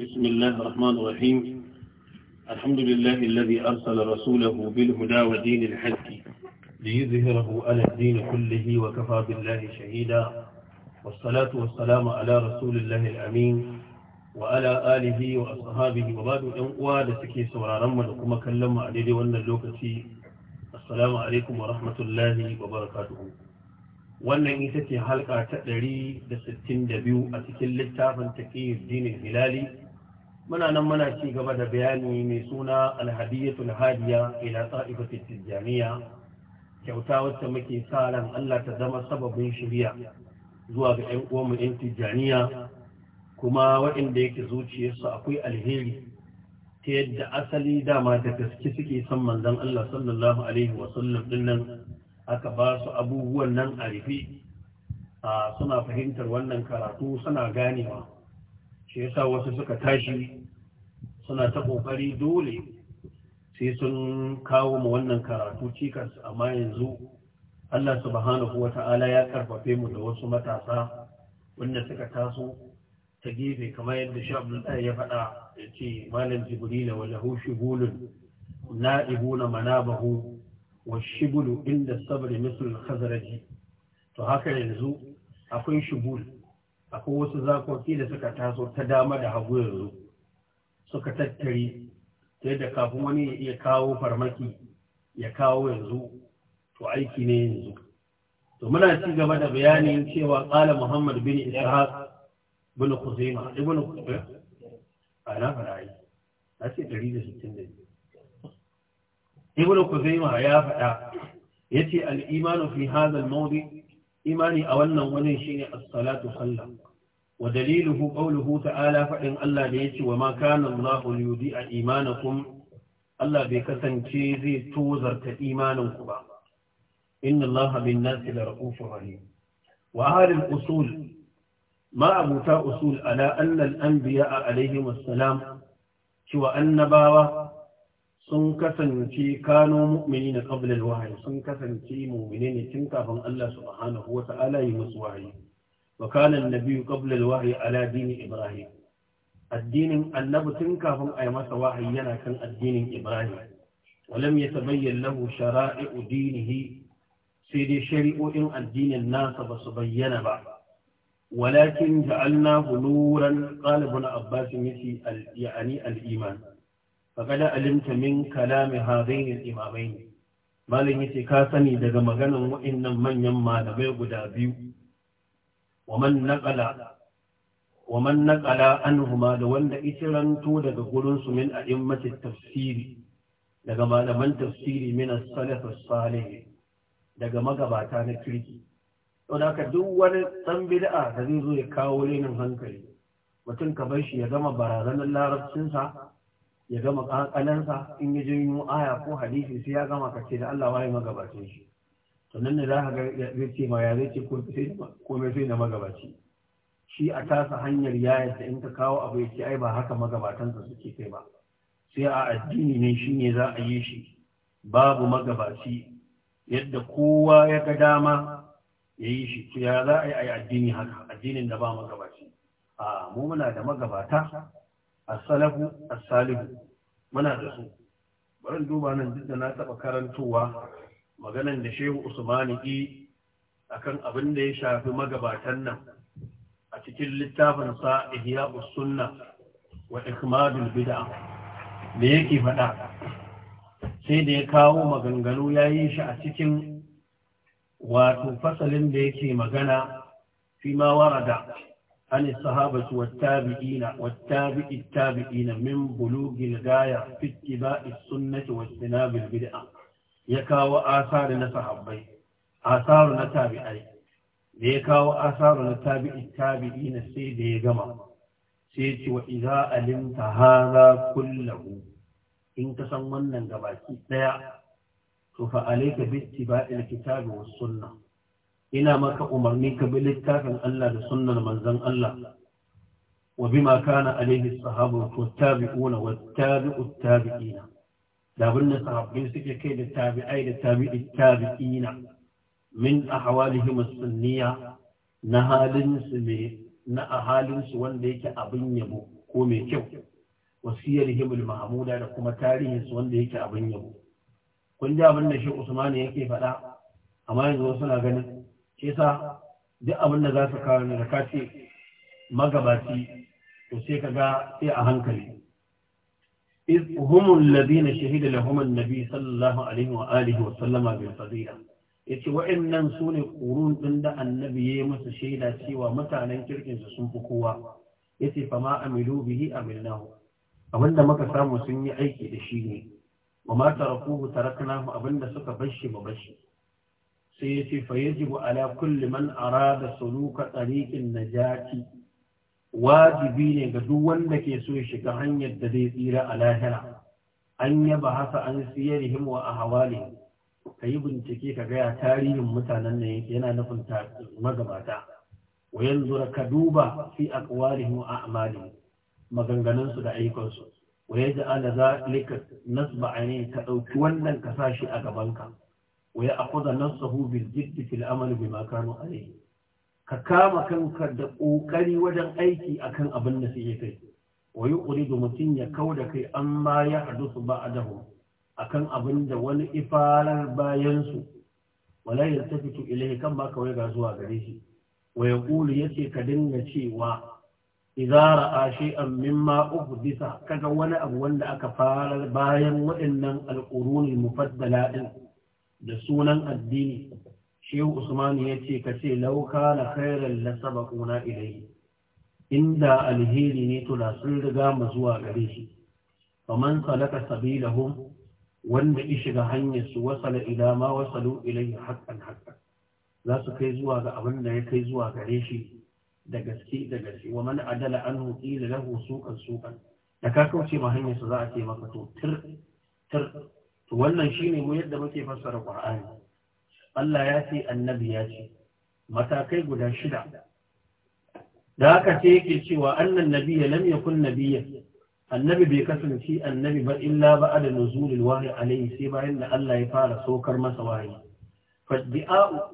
بسم الله الرحمن الرحيم الحمد لله الذي أرسل رسوله بالهدى ودين الحق ليظهره على الدين كله وكفى بالله شهيدا والصلاة والسلام على رسول الله الأمين وعلى آله وأصحابه وبعد أنقوى لسكي سورا رمى لكم كلم عليه وأن اللوكتي السلام عليكم ورحمة الله وبركاته wannan ita ce halka ta 162 a cikin littafin taqiyuddin hilali muna nan muna ci gaba da bayani mai suna alhadiyatul hadiya ila ta'ifatit tijaniya kyauta wacce muke sa ran Allah ta zama sababin shiriya zuwa ga ƴan mu ƴan tijaniya kuma waɗanda yake zuciyarsu akwai alheri ta yadda asali dama da gaske suke son manzon Allah sallallahu alaihi wa sallam dinnan aka ba su abubuwan nan a rufe ah, suna fahimtar wannan karatu suna ganewa shi yasa wasu suka tashi suna ta kokari dole sai sun kawo mu wannan karatu cikas amma yanzu Allah subhanahu wa ta'ala ya karfafe mu da wasu matasa wanda suka taso ta gefe kamar yadda shi Abdullahi ya faɗa ya ce malam Jibril wa lahu shibulun na'ibuna manabahu wa shibulu inda sabri misal khazraji to haka yanzu akwai shibul akwai wasu zakoki da suka taso ta dama da hagu yanzu suka tattare ta yadda kafin wani ya iya kawo farmaki ya kawo yanzu to aiki ne yanzu to muna ci gaba da bayanin cewa ƙala muhammad bin ishaq bin kuzima ibn khuzaima ana eh? farai a ce 162 ibn kuzima ya faɗa yace ce al'imanu fi hazal maudi imani a wannan wani shine as-salatu sallah wa daliluhu qawluhu ta'ala faɗin Allah da yace wa ma kana Allahu liyudi'a imanakum Allah bai kasance zai tozarta imanin ku ba inna Allah bin nasi la ra'ufur rahim wa ahli al-usul ma abuta usul ala anna al-anbiya cewa annabawa sun kasance kano mu'mini na qablal wahayi sun kasance mu'mini ne tun kafin Allah subhanahu wa ta'ala yi musu wahayi wa kana annabiyyu wahayi al ala dini ibrahim addinin annabi tun kafin a yi masa wahayi yana kan addinin ibrahim ولم يتبين له شرائع دينه سيدي شريعة الدين ba بصبين بعد ولكن جعلناه نورا قال ابن عباس مثل al iman فقد علمت من كلام هذين ne. malam yace ka sani daga maganan wa'annan manyan malamai guda biyu waman naqala waman naqala da wanda itiranto daga gurin su min a'immati tafsiri daga malaman tafsiri min as-salaf as-salih daga magabata na kirki to da duk wani dan bid'a da zai zo ya kawo lenin hankali mutum ka bar shi ya gama barazanar larabcinsa ya gama kankanansa in ya janyo aya ko hadisi sai ya gama kace da Allah waye magabacin shi to nan ne za ka ga zai ce ma ya zai ce ko sai sai na magabaci shi a tasa hanyar ya yadda in ka kawo abu ya ce ai ba haka magabatansa suke kai ba sai a addini ne shi ne za a yi shi babu magabaci yadda kowa ya ga dama ya yi shi ya za a yi addini haka addinin da ba magabaci a mu muna da magabata as-salafu as-salihu muna da su bari duba nan duk da na taba karantowa maganan da Shehu Usmani yi akan abin da ya shafi magabatan nan a cikin littafin sa Ihya sunna wa Ikmadul Bid'a da yake faɗa sai da ya kawo maganganu ya yi shi a cikin wato fasalin da yake magana fi ma warada عن الصحابة والتابعين والتابع التابعين من بلوغ الغاية في اتباع السنة واجتناب البدعة يكاو آثار نصحابي آثار نتابعي ليكاو آثار نتابع التابعين سيد يجمع سيد وإذا علمت هذا كله إن تسمنا قبعتي فعليك باتباع الكتاب والسنة ina maka umarni ka bi littafin Allah da sunnar manzon Allah wa bima kana alaihi sahabu wa tabi'una wa tabi'u tabi'ina da abin da sahabbai suke kai da tabi'ai da tabi'i tabi'ina min ahwalihim sunniya na halin su me na ahalin su wanda yake abin yabo ko mai kyau wasiyarihim al-mahmuda da kuma tarihin su wanda yake abin yabo kun ji abin da shi Usman yake faɗa amma yanzu suna ganin Isa, sa duk abin da za su kawo ne da ka ce magabaci to sai ka ga sai a hankali iz humul ladina shahida lahum annabi sallallahu alaihi wa alihi wa sallama bil fadila yace wa'annan sune qurun din da annabi yi masa shaida cewa mutanen kirkin sunfi sun fi kowa yace fa ma amilu bihi amilnahu abinda muka samu sun yi aiki da shi ne wa ma tarakuhu taraknahu abinda suka bashi ba bashi sai ya ce fa ala kulli man arada suluka tariqin najati wajibi ne ga duk wanda ke so ya shiga hanyar da zai tsira a lahira an yaba bahasa an siyarihim wa ahwali ka yi bincike ka gaya tarihin mutanen ne yana nufin magabata wa yanzu ka duba fi aqwalihim wa a'malihim maganganun su da ayyukan su wa yaj'al zalika nasba ka dauki wannan ka sashi a gaban ka waya akhudha nafsahu bil jidd fil amal bima kanu alayhi ka kama kanka da kokari wajen aiki akan abin da suke kai wa yuqridu mutun ya kauda kai amma ya hadusu ba'dahu akan abin da wani ifarar bayan su wala yaltafitu ilayhi kan ba kawai ga zuwa gare shi wa yaqulu yace ka dinga cewa idza ra'a shay'an mimma uhdisa kaga wani abu wanda aka fara bayan waɗannan mu mufaddala din da sunan addini shehu usmani ya ce ka ce lauka na khairar la sabaquna ilayhi inda alheri ne to sun riga mu zuwa gare shi Kamar salaka Sabila sabilahum wanda ya shiga hanyar su wasala ila ma wasalu ilayhi haqqan haqqan za su kai zuwa ga abin da ya kai zuwa gare shi da gaske da gaske wa man adala anhu qila lahu sukan-sukan. da ka kauce ma hanyar su za a ce maka to tir tir to wannan shine mu yadda muke fassara Qur'ani Allah ya ce annabi ya ce matakai guda shida da haka ce yake cewa annan nabiyya lam yakun nabiyya annabi bai kasance annabi ba illa ba da nuzulil wahyi alayhi sai bayan da Allah ya fara saukar masa wahayi faddi'a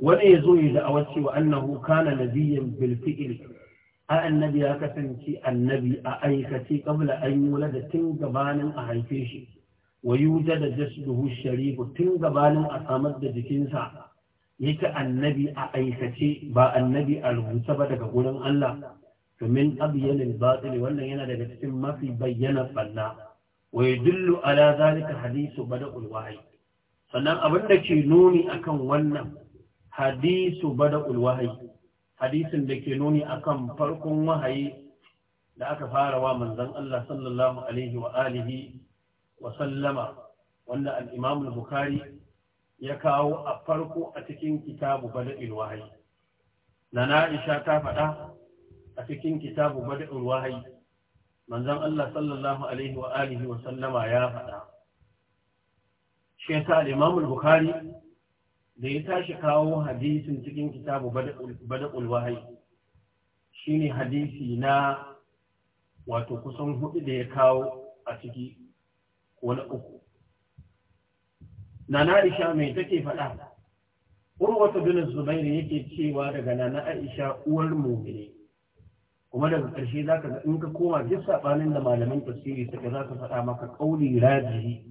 wani yazo ya da'awa cewa annahu kana nabiyyan bil fi'l a annabi ya kasance annabi a aikace kabla an yi wala da tun gabanin a haife shi wa da jasduhu sharifu tun gabanin a samar da jikinsa yake annabi a aikace ba annabi a rubuce ba daga gurin Allah domin abiyanin batil wannan yana daga cikin mafi bayyana banna wa yadullu ala zalika hadisu bada ulwahai? sannan abin da ke nuni akan wannan hadisu bada ulwahai? hadisin da ke nuni akan farkon wahayi da aka fara wa manzon Allah sallallahu alaihi wa alihi wasallama wanda al'imam bukari ya kawo a farko a cikin kitabu bada'il wahayi na Aisha ta faɗa a cikin kitabu bada'il wahayi manzan Allah sallallahu alaihi wa alihi wa sallama ya faɗa shi ya sa al'imam bukari da ya tashi kawo hadisin cikin kitabu bada'ul wahayi shi ne hadisi na wato kusan hudu da ya kawo a ciki ko na uku nana aisha mai take faɗa urwatu binin zubairu yake cewa daga nana aisha uwar mu'mini kuma daga ƙarshe za ka in ka koma duk saɓanin da malaman tafsiri suka za ka faɗa maka ƙauli rajihi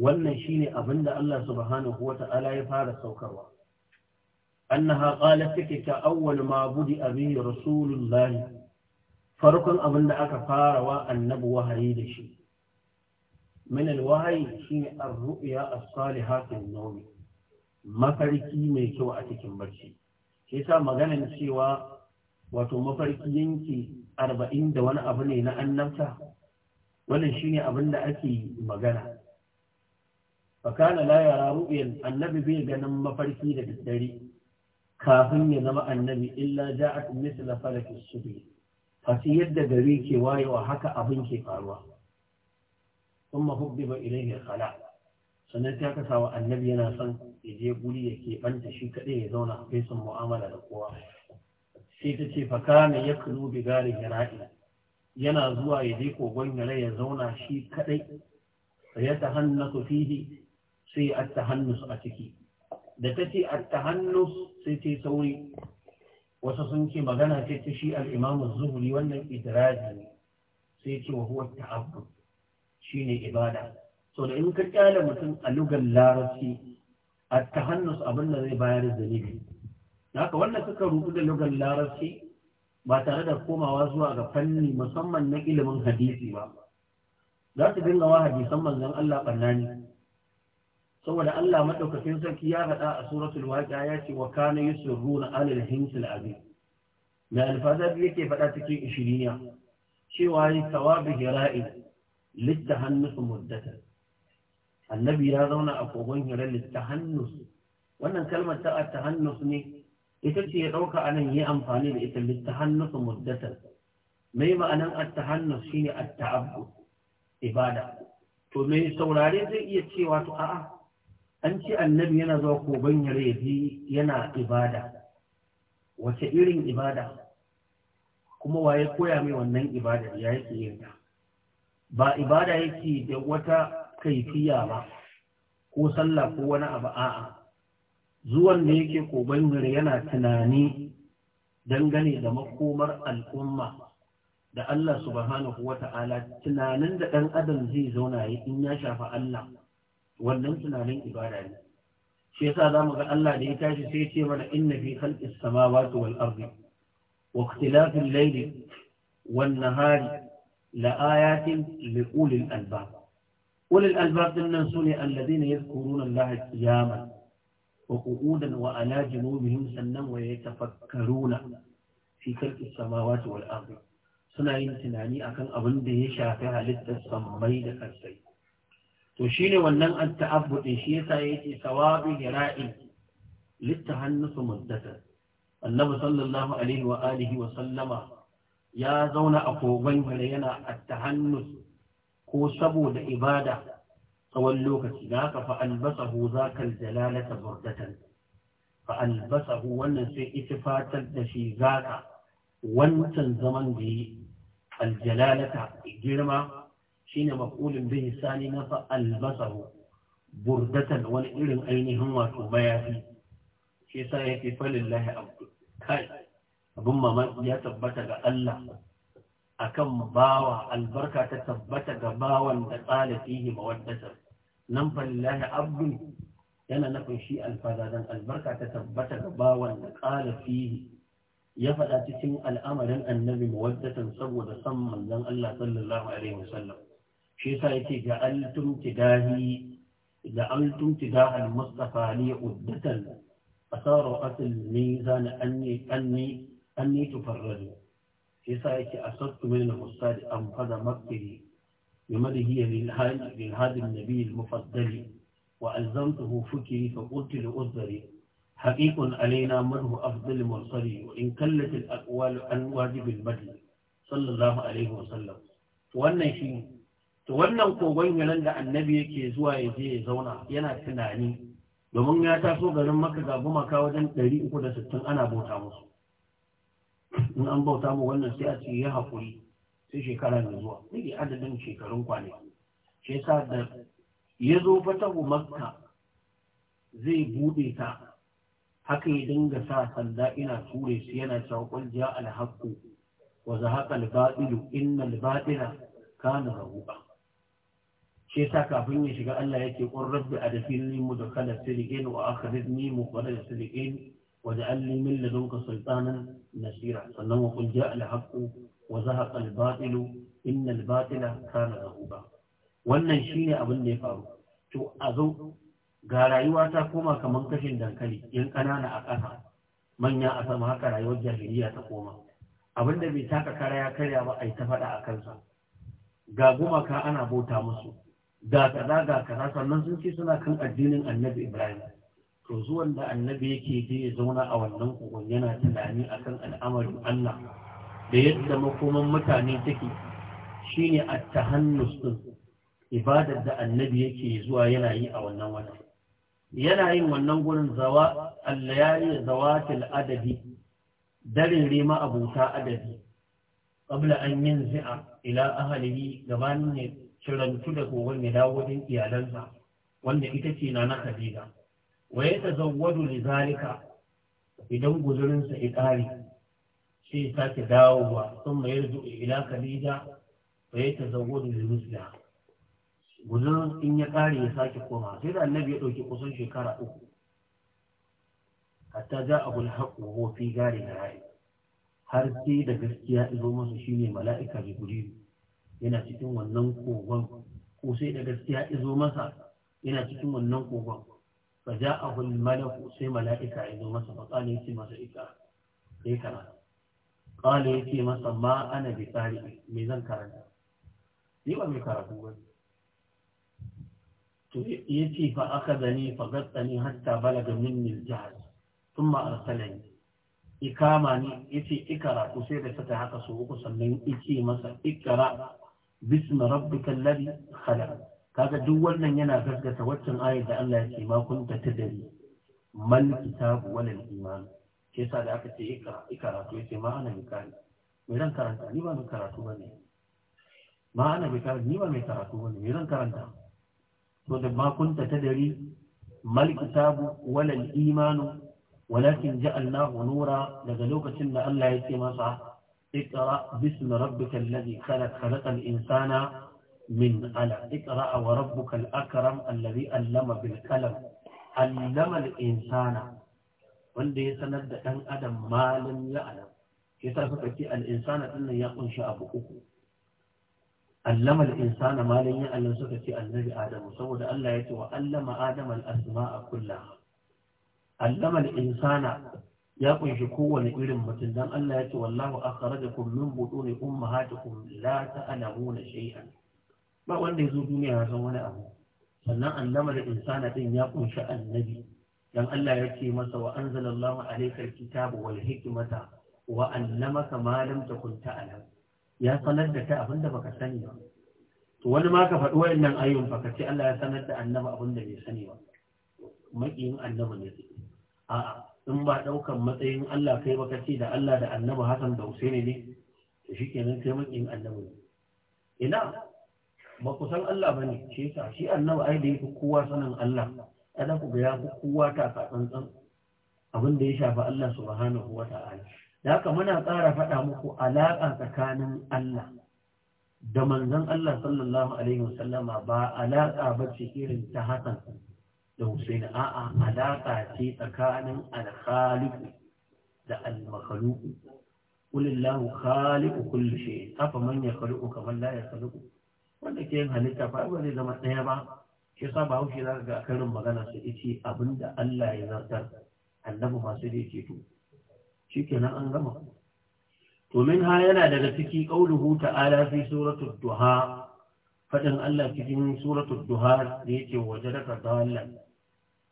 wannan shine abin da Allah subhanahu wa ta'ala ya fara saukarwa annaha qalat take ta awwal ma budi abi rasulullah farkon abin da aka fara wa annabi wahayi da shi min alwahi shine ar-ru'ya as-salihatu an mafarki mai kyau a cikin barci shi yasa maganan cewa wato mafarki yanki arba'in da wani abu ne na annabta wannan shine abin da ake magana fakana la yara ru'yan annabi bai ganin mafarki da daddare kafin ya zama annabi illa ja'at misla falaki subhi fa yadda gari ke wayewa haka abin ke faruwa ثم حبب إليه الخلاء sannan ta kasa wa annabi yana son ya je guri ya keɓanta shi kaɗai ya zauna bai son mu'amala da kowa sai ta ce faka na ya kulu bi gari hira'i yana zuwa ya je kogon yare ya zauna shi kaɗai ya ta su fihi sai a ta a ciki da ta ce a ta sai ta sauri wasu sun ce magana ce ta shi al'imamu zuhuri wannan idiraji ne sai ce wa huwa ta'abbud Shi ne ibada so da in ka kyale mutum a lugar larabci a tahannus abin da zai bayar zunubi haka wannan suka rubu da lugar larabci ba tare da komawa zuwa ga fanni musamman na ilimin hadisi ba za su dinga wa hadisan manzon Allah ne. saboda Allah madaukakin sarki ya faɗa a suratul waqi'a ya ce wa kana yusirruna alal hinsil azim da alfazar yake faɗa cikin ishiriniya cewa yi tawabi hira'i lidda muddatan annabi ya zauna a kogon hira lidda hannus wannan kalmar ta ta hannus ne ita ce ya ɗauka a nan yi amfani da ita lidda muddatan mai ma'anan atta hannus shine atta ibada to mai saurare zai iya cewa to a'a an ce annabi yana zuwa kogon yare yana ibada wace irin ibada kuma waye koya mai wannan ibadar ya yake yin ta ba ibada yake da wata kaifiya ba ko sallah ko wani abu a'a zuwan da yake kogon yana tunani dangane da makomar al'umma da Allah subhanahu wa ta'ala tunanin da ɗan adam zai zauna yi in ya shafa Allah wannan tunanin ibada ne shi yasa za mu ga Allah da ya tashi sai ce mana inna fi khalqis samawati wal ardi wa ikhtilafil layli wan nahari لآيات لأولي الألباب أولي الألباب دلنا سوني الذين يذكرون الله قياما وقعودا وعلى جنوبهم سنا ويتفكرون في خلق السماوات والأرض suna yin tunani akan abin da ya shafi halittar sammai da karsai to shine wannan at-ta'abbudi shi yasa yake sawabi hira'i littahannusu muddata annabi sallallahu alaihi wa alihi wa sallama ya zauna a kogon hira yana hannu ko saboda ibada tsawon lokaci da haka fa albasahu zakal jalalata burdatan fa albasahu wannan sai itifatar da shi zaka wancan zaman da yi aljalalata girma shine makulin bihi sani na fa albasahu burdatan wani irin ainihin wato bayafi shi fi yake falillahi abu. kai abin mamaki ya tabbata ga Allah akan bawa albarka ta tabbata ga bawan da tsala fihi mawaddatar nan fallahi abdu yana nufin shi alfazadan albarka ta tabbata ga bawan da tsala fihi ya faɗa cikin al'amarin annabi mawaddatan saboda san manzon Allah sallallahu alaihi wasallam shi yasa yake ga altum tidahi da altum tidah al-mustafa li uddatan asara asl mizan anni anni an ne tu ya sa yake a sattu mai na mustaji an fada makiri bi madahi ya bin hadin nabi mufaddali wa alzamta hu fukiri fa kuntu li alaina man hu afdal mursali wa in kallat al aqwal an wajib al madh sallallahu alaihi wa sallam wannan shi to wannan kogon yalan da annabi yake zuwa yaje ya zauna yana tunani domin ya taso garin makka ga gumaka wajen 360 ana bota musu in an bauta mu wannan sai a ce ya haƙuri sai shekara mai zuwa rage adadin shekarun kwanaki shi yasa da ya zo fatahu makka zai buɗe ta haka ya dinga sa sanda ina ture su yana cewa qul ja al haqqu wa zahaqa al batilu inna al batila kana zahuqa shi yasa kafin ya shiga Allah yake qur rabbi adkhilni mudkhala sirqin wa akhrijni mukhrij sirqin واجعل لي من لدنك سلطانا نصيرا wa وقل جاء الحق وزهق الباطل إن الباطل كان ذهوبا wannan shine abin da ya faru to a zo ga rayuwa ta koma kamar kashin dankali yan ƙanana a ƙasa manya a sama haka rayuwar jahiliya ta koma abin da bai taka kara ya karya ba a yi ta faɗa a kansa ga gumaka ana bauta musu ga kaza ga kaza sannan sun ce suna kan addinin annabi ibrahim to zuwan da annabi yake je ya zauna a wannan kogon yana tunani akan al'amarin Allah da yadda makoman mutane take shine at hannus din ibadar da annabi yake zuwa yana yi a wannan wata yana yin wannan gurin zawa al-layali zawatil adadi darin rima abuta adadi qabla an yanzi'a ila ahlihi gabanin ne cirantu da kogon ya dawo din iyalansa wanda ita ce na na Khadija wa ya tazawwadu li zalika idan guzurin sa idari sai ya sake dawowa sun mai yarzu ila kalida wa ya tazawwadu li musliha guzurin in ya ƙare ya sake koma sai da annabi ya dauki kusan shekara uku hatta za a gul haƙo ko gari na rai har sai da gaskiya izo masa shine mala'ika yana cikin wannan da gaskiya yana cikin wannan kogon fa ja'ahu al-malaku sai mala'ika ya zo masa ya ce masa ika sai kana ya ce masa ma ana bi tsari me zan karanta ni ba mai karatu ba to ce fa aka akadani fa gatsani hatta balaga minni al-jahd thumma arsalani ikama ni yace ikara ko sai da sata haka so uku sannan yace masa ikara bismi Rabbi ladhi khalaq kaga duk wannan yana gaskata waccan ayar da Allah ya ce ma kunta tadri mal kitabu wal iman Ke sa da aka ce ikara to ce ma ana mikari me ran karanta ni ba mai karatu bane ma ana mikari ni ba mai karatu bane me ran karanta to da ma kunta tadri mal kitabu wal iman walakin ja'alnahu nura daga lokacin da Allah ya ce masa اقرأ باسم ربك الذي خلق خلق insana. من على اقرأ وربك الأكرم الذي علم بالقلم علم الإنسان wanda ya sanar da ɗan adam malin ya ya sa suka ce al'insana ɗin ya kunshi abu uku allama al'insana malin ya suka ce annabi adamu saboda Allah ya ce wa allama adam al'asma a kulla allama al'insana ya kunshi kowane irin mutum don Allah ya ce wallahu akhara da kullum buɗu ne umma hata kun la ta'alamuna shay'an ba wanda ya zo duniya ya san wani abu sannan annama da insana din ya kunshi annabi dan Allah ya ce masa wa anzalallahu alayka alkitaba wal hikmata wa allamaka ma lam takun ta'lam ya sanar da kai abinda baka sani ba to wani ma ka faɗi wayannan ayyun fa ka ce Allah ya sanar da annabi abinda bai sani ba makiyin annabi ne a'a in ba ɗaukan matsayin Allah kai baka ce da Allah da annaba Hassan da Husaini ne to shikenan kai makiyin annabi ne ina ba ku san Allah ba ne shi yasa shi annabi ai da yafi kowa sanin Allah ada ku ga yafi kowa ta ka tsantsan abin da ya shafi Allah subhanahu wa ta'ala da haka muna ƙara faɗa muku alaƙa tsakanin Allah da manzon Allah sallallahu alaihi sallama ba alaƙa ba ce irin ta Hassan da Hussein a'a alaƙa ce tsakanin al-Khaliq da al-Makhluq qul kullum khaliqu kulli shay afa man yakhluqu kama la wanda ke yin halitta fa ba zai zama ɗaya ba shi sa ba haushi za ga karin magana su ce abin da Allah ya zartar annabi masu da ceto shi kenan an gama to min ha yana daga ciki qauluhu ta'ala fi suratul duha fadin Allah cikin suratul duha da yake wajadaka dalla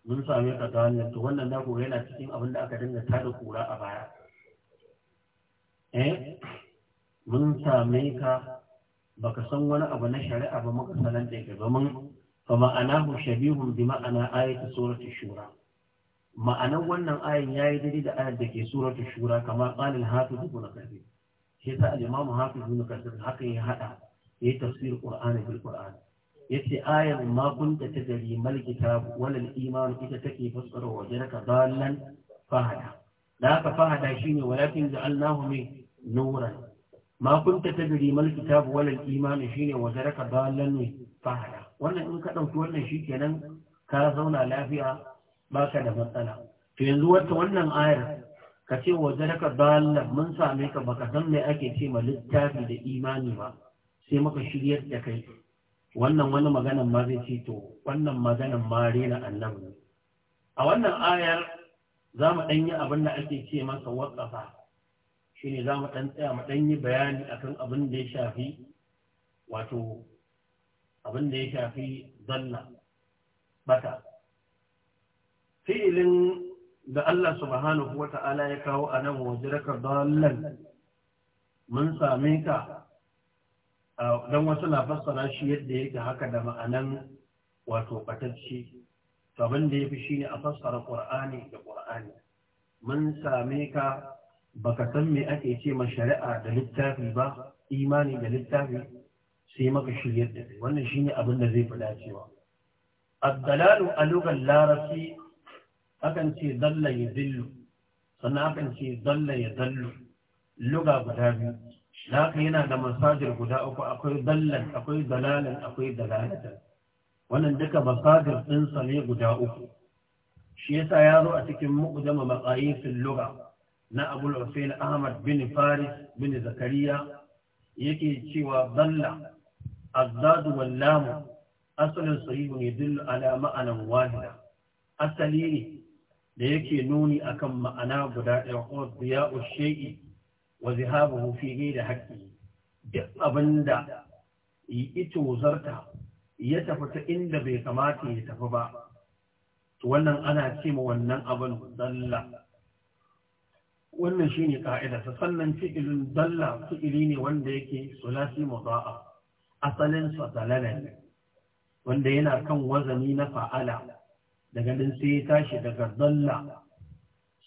mun same ka dalla to wannan da yana cikin abin da aka dinga tada kura a baya eh mun same ka baka san wani abu na shari'a ba makasalan da Ba domin fa ma'anahu shabihun bi ma'ana ayatu surati shura ma'anar wannan ayin yayi daidai da ayar da ke surati shura kamar qala al-hafiz ibn kathir shi yasa al-imam hafiz ibn kathir haka ya hada ya tafsir qur'ani bil qur'ani yace ayar ma kunta tadri mal kitab wal iman ita take fassara wa jaraka dalan fahada da ka fahada shine walakin ja'alnahu min nuran ma ta tadri mal kitab wal iman shine wa zaraka dalan ne wannan in ka dauki wannan shikenan ka zauna lafiya baka da matsala to yanzu wata wannan ayar ka ce wa zaraka dalan mun same ka baka san me ake ce ma littafi da imani ba sai muka shiryar da kai wannan wani maganan ma zai ce to wannan maganan ma rena annabi a wannan ayar za mu ɗanyi abin da ake ce masa waƙafa shine za mu ɗan tsaya mu ɗan yi bayani akan abin da ya shafi wato abin da ya shafi zalla bata fi'ilin da Allah subhanahu wa ta'ala ya kawo a nan wajiraka dalal mun same ka don wasu na fassara shi yadda yake haka da ma'anan wato batacci to abin da ya fi shine a fassara qur'ani da qur'ani mun same ka Ba ka san me ake ce ma shari'a da littafi ba imani da littafi sai maka shiryar da wannan shine abin da zai fada cewa ad a lugar Larasi, akan ce dalla ya zillu, sannan akan ce dalla ya zallu. luga guda biyu da haka yana da masajir guda uku akwai dallan akwai dalalan akwai dalalatan wannan duka masajir ɗinsa ne guda uku shi yasa ya zo a cikin mu'jama sun luga. na abul hussein ahmad bin faris bin zakariya yake cewa balla azzadu wallamu lamu asalin sahihun yadullu ala ma'anan wahida asali ne da yake nuni akan ma'ana guda ɗaya ko biya ushai'i wa zihabuhu fi da haƙƙi duk abinda yi ita wuzarta ya tafi ta inda bai kamata ya tafi ba to wannan ana ce ma wannan abin zalla wannan shine ka'ida sa sannan fi'ilin dalla fi'ili ne wanda yake sulasi muda'a asalin sa ne wanda yana kan wazani na fa'ala daga nan sai ya tashi daga dalla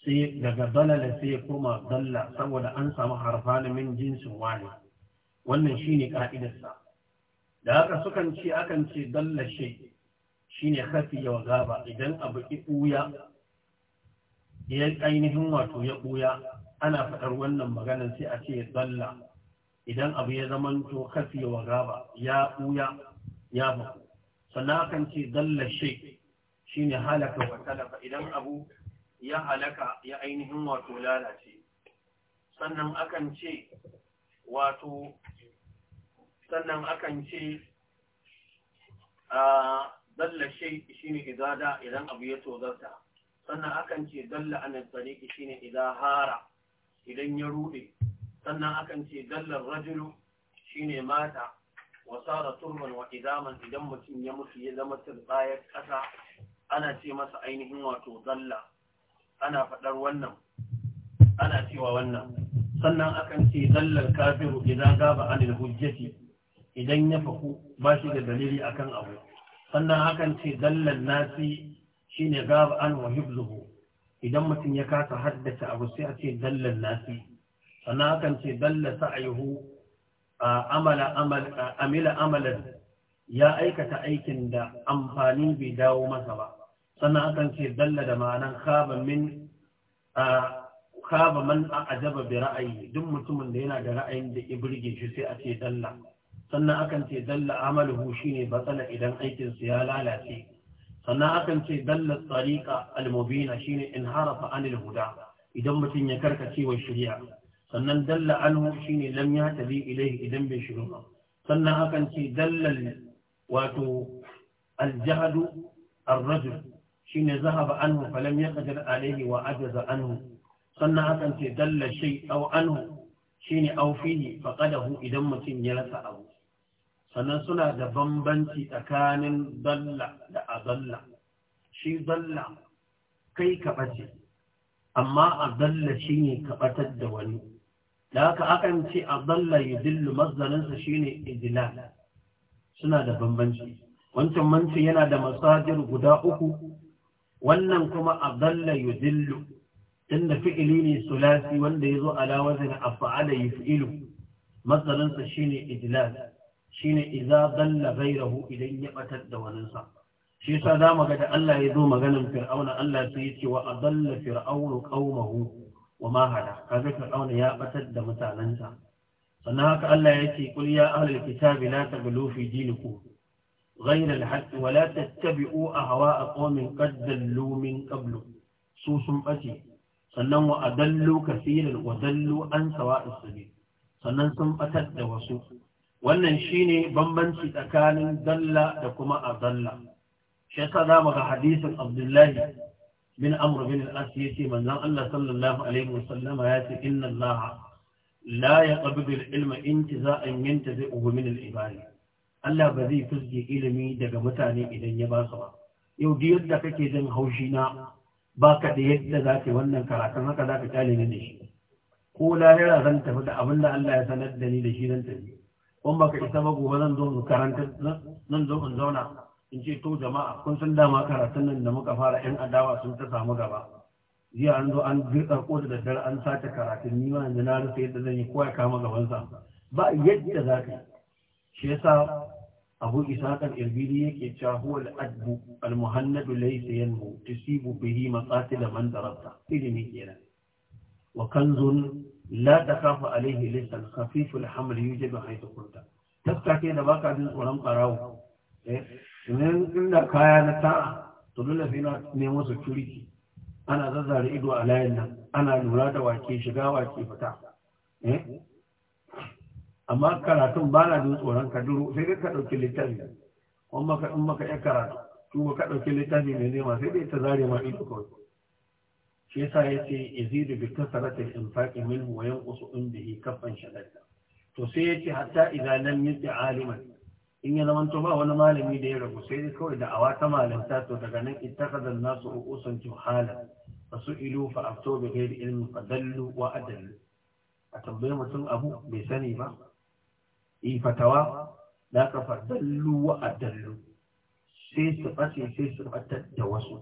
sai daga dalala sai ya koma dalla saboda an samu harfani min jinsin wani wannan shi ne sa da haka sukan ce akan ce dalla shi ne hafi wa gaba idan abu ya ya ainihin wato ya ɓuya ana faɗar wannan maganar sai a ce tsalla idan abu ya zama zamanto kafi wa gaba ya ɓuya ya faku sannan kan ce tsalla shi shine halaka wa talaka idan abu ya halaka ya ainihin wato lalace sannan akan ce wato sannan akan ce a ah, tsalla shi shine izada idan abu ya tozarta sannan akan ce dalla an tsariki shine idan hara idan ya rude sannan akan ce dallar rajulu shine mata wa sara turban wa idaman idan mutum ya mutu ya zama turbayar kasa ana ce masa ainihin wato dalla ana faɗar wannan ana cewa wannan sannan akan ce dallar kafiru idan gaba anil hujjati idan ya faku ba shi da dalili akan abu sannan akan ce dallar nasi shine gaba an wa hibzuhu idan mutum ya kasa haddace abu sai a ce dallan nasi sannan akan ce dalla sa'ayuhu amala amila amalan ya aikata aikin da amfani bai dawo masa ba sannan akan ce dalla da ma'anan khaba min khaba man a'jaba bi ra'ayi duk mutumin da yana da ra'ayin da ibirge shi sai a ce dalla sannan akan ce dalla amaluhu shine batsala idan aikinsu ya lalace sannan akan ce dallar tsarika almubina shine in harafa anil huda idan mutum ya karkace wa shirya sannan dalla anhu shine lam ya tabi ilaihi idan bai shiru ba sannan akan ce dallal wato aljahadu arrajul shine zahaba anhu falam yaqdir alaihi wa ajaza anhu sannan akan ce dalla shay aw anhu shine aw fihi faqadahu idan mutum ya rasa abu sannan suna da bambanci tsakanin dalla da azalla shi dalla kai ka bace amma azalla shine ka batar da wani da haka akan ce azalla yudillu mazdaninsa shine idlal suna da bambanci wancan manci yana da masajir guda uku wannan kuma azalla dillu. tunda fi'ili ne sulasi wanda ya zo yazo ala wazn fi'ilu, yuf'ilu shi ne idlal shine idza dalla ghayrahu idan ya batar da waninsa shi yasa mu ga da Allah ya zo maganan fir'auna Allah sai ya ce wa adalla fir'aunu qaumahu wa ma hada kaga fir'auna ya batar da mutanansa sannan haka Allah ya ce qul ya ahlal kitabi la taghlu fi dinikum ghayra al-haqq wa la tattabi'u ahwa'a qaumin qad dallu min su sun bace sannan wa adallu kaseeran wa dallu an sawa'is sabil sannan sun batar da wasu wannan shine bambanci tsakanin zalla da kuma azalla shi za mu ga hadisin Abdullahi bin Amr bin al-As yace manzon Allah sallallahu alaihi wasallama yace inna Allah la yaqbidu al-ilma intiza'an yantazi'uhu min al-ibad Allah ba zai fuske ilimi daga mutane idan ya ba su ba yau duk yadda kake jin haushi na baka da yadda zaka wannan karatun haka zaka kale ne da shi ko lahira zan tafi da da Allah ya sanar da ni da shi zan tafi in baka isa ba gobe zan zo in karanta nan zo in zauna in ce to jama'a kun san dama karatun nan da muka fara yan adawa sun ta samu gaba jiya an zo an girka ko da daddare an sace karatun ni ma yanzu na rufe yadda zan yi ko ya kama gaban sa ba yadda za ka yi shi yasa abu isa kan irbidi yake cewa huwa al-adbu al-muhannadu laysa yanmu tusibu bihi maqatil man darabta ilimi kenan wa kanzun la takhafu alayhi lisan khafiful haml yujibu haythu kunta taska ke da baka jin tsoron barawo eh idan inda kaya na ta'a to dole sai na nemo security ana zazzare ido a layin nan ana lura da wake shiga wake fita eh amma karatun ba na jin tsoron ka duro sai dai ka dauki littafi kuma maka in maka ya karatu to ka dauki littafi ne nema sai dai ta zare ma ido kawai shi yasa yace yazidu bi kasrati al-infaqi minhu wa yanqusu in bihi kaffan shadada to sai ya yace hatta idza lam yuti aliman in ya zama to ba wani malami da ya rabu sai dai kawai da awa ta malamta to daga nan ittakhadha an-nasu uqusan juhala fasu'ilu fa afto bi ghairi ilmin fadallu wa adallu a tambaye mutum abu bai sani ba i fatawa da ka fadallu wa adallu sai su fashe sai su fatar da wasu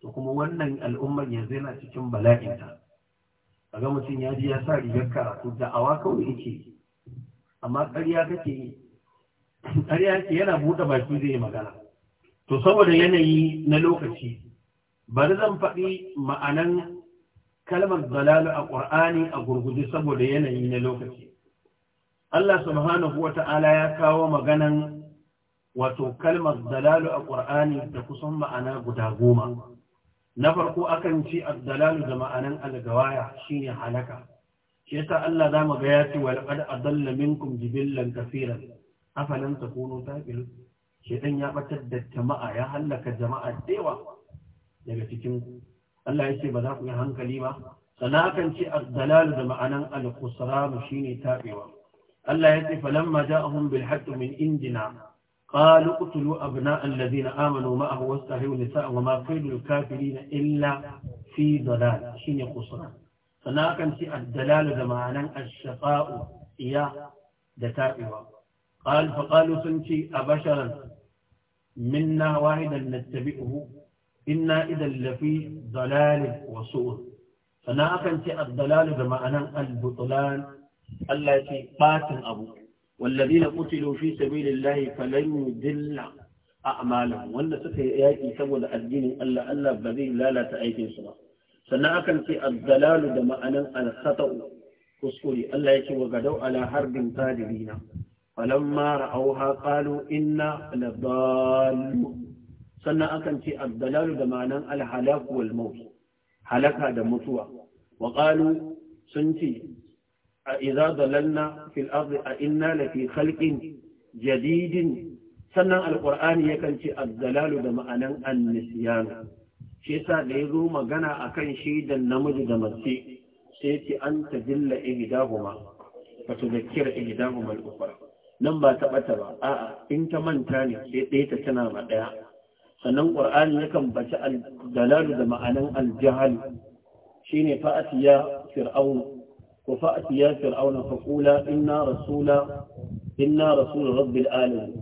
to kuma wannan al'ummar yanzu yana cikin bala'inta kaga mutum ya ji ya sa rigar karatu da awa kawai yake amma ƙarya kake yi ƙarya yake yana buɗe baki zai yi magana to saboda yanayi na lokaci bari zan faɗi ma'anan kalmar dalalu a ƙur'ani a gurguje saboda yanayi na lokaci Allah subhanahu wa ta'ala ya kawo maganan wato kalmar dalalu a ƙur'ani da kusan ma'ana guda goma na farko akan ci addalalu da ma'anan algawaya shine halaka shi yasa Allah zamu ga ya ce wal qad adalla minkum jibillan kaseeran afalan takunu taqil shedan ya batar da jama'a ya halaka jama'a dewa daga cikin ku Allah ya ce ba za ku yi hankali ba sana akan ci addalalu da ma'anan al-khusran shine tabewa Allah ya ce falamma ja'ahum bil haqq min indina قالوا اقتلوا أبناء الذين آمنوا معه واستحيوا النساء وما قيل الكافرين إلا في ضلال شين خسران فناكن في الدلالة معنى الشقاء إياه دتائوا قال فقالوا سنتي أبشرا منا واحدا نتبعه إنا إذا لفي ضلال وسوء فناكن في الدلالة معنى البطلان التي باتن أبوه والذين قتلوا في سبيل الله فلن يدل أعمالهم وأن سكياتي سبب الدين ألا ألا بذي لا لا تأيتي صلاة سنأكل في الضلال دمأنا الخطأ كسكري ألا يكي وقدوا على حرب قادرين فلما رأوها قالوا إنا لضالون سنأكل في الضلال دمأنا الهلاك والموت هلكها دمتوا وقالوا سنتي a iza dalalna fil ardi a inna lafi khalqin jadidin sannan alqur'ani yakan ce ad-dalalu da ma'anan an-nisyan shi yasa da yazo magana akan shaidan namiji da mace sai ce an tadilla ihdahuma fa tudhakkira ihdahuma al-ukhra nan ba ta bata ba a'a in ta manta ne sai ɗaya ta tana ma ɗaya sannan qur'ani yakan bace al-dalalu da ma'anan al-jahl shine fa'atiya fir'aun يا فرعون فقولا إنا رسول إنا رسول رب العالمين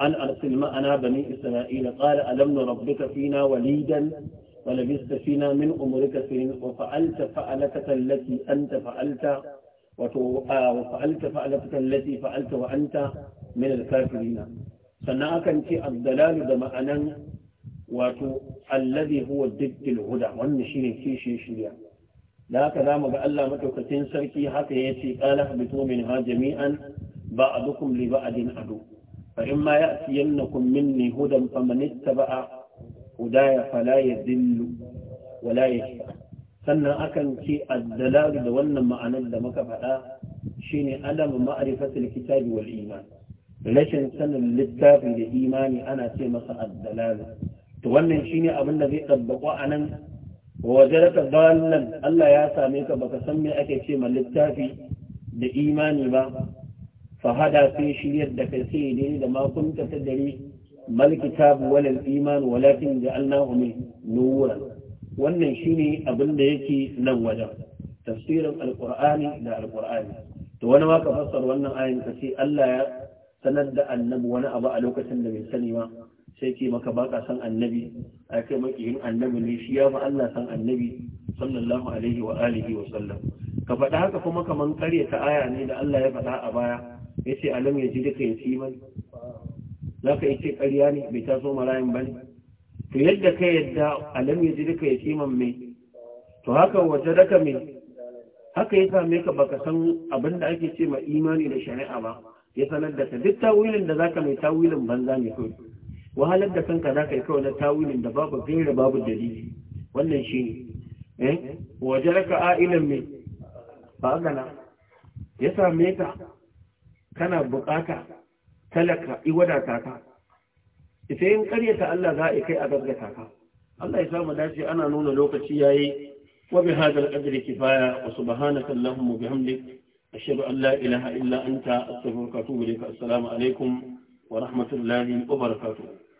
أن أرسل معنا بني إسرائيل قال ألم نربك فينا وليدا ولبست فينا من أمرك سنين وفعلت فعلتك التي أنت فعلت آه، وفعلت فعلتك التي فعلت وأنت من الكافرين سنعك في الدلال دمعنا وتو الذي هو ضد الهدى والنشين في شيء da haka za mu ga Allah madaukakin sarki haka ya ce qala habitu ha jami'an ba'dukum li ba'din adu fa in ma ya'tiyannakum minni hudan faman ittaba'a hudaya fala dillu. wala yashqa sannan akan ce addalalu da wannan ma'anar da muka faɗa shine adam ma'rifatul kitabi wal iman rashin sanin littafi da imani ana ce masa addalalu to wannan shine abin da zai ɗabbaƙo a nan wajen wajaraka dallan Allah ya same ka baka san me ake ce ma littafi da imani ba fahada sai shiryar da kai sai dai da ma kunta ta dare mal kitab wal iman walakin ja'alnahu min nura wannan shine abin da yake nan wajen tafsirin alqur'ani da alqur'ani to wani ma ka fassara wannan ayin ka ce Allah ya sanar da annabi wani abu a lokacin da bai sani ba sai ce maka baka san annabi a kai makiyin annabi ne shi ya fi Allah san annabi sallallahu alaihi wa alihi wa sallam ka faɗa haka kuma kaman karya ta aya ne da Allah ya faɗa a baya ya ce alam ya ji duka ya ci bane za ka ce ƙarya ne bai taso marayin ne? to yadda ka yadda alam ya ji duka ya ci man mai to haka waje daka mai haka ya same ka baka san abin da ake ce ma imani da shari'a ba ya sanar da ka duk tawilin da zaka mai tawilin banza ne kawai wahalar da kanka za ka yi kawai na tawilin da babu gaira babu dalili wannan shi ne eh wajaraka a'ilan mai ba gana ya same ka kana bukata talaka iwadata ka ita yin karyata Allah za a kai a gaggata ka Allah ya samu dace ana nuna lokaci yayi wa bi hadal qadri kifaya wa subhanaka allahumma bihamdik ashhadu an la ilaha illa anta astaghfiruka wa atubu ilaik assalamu alaikum ورحمة الله وبركاته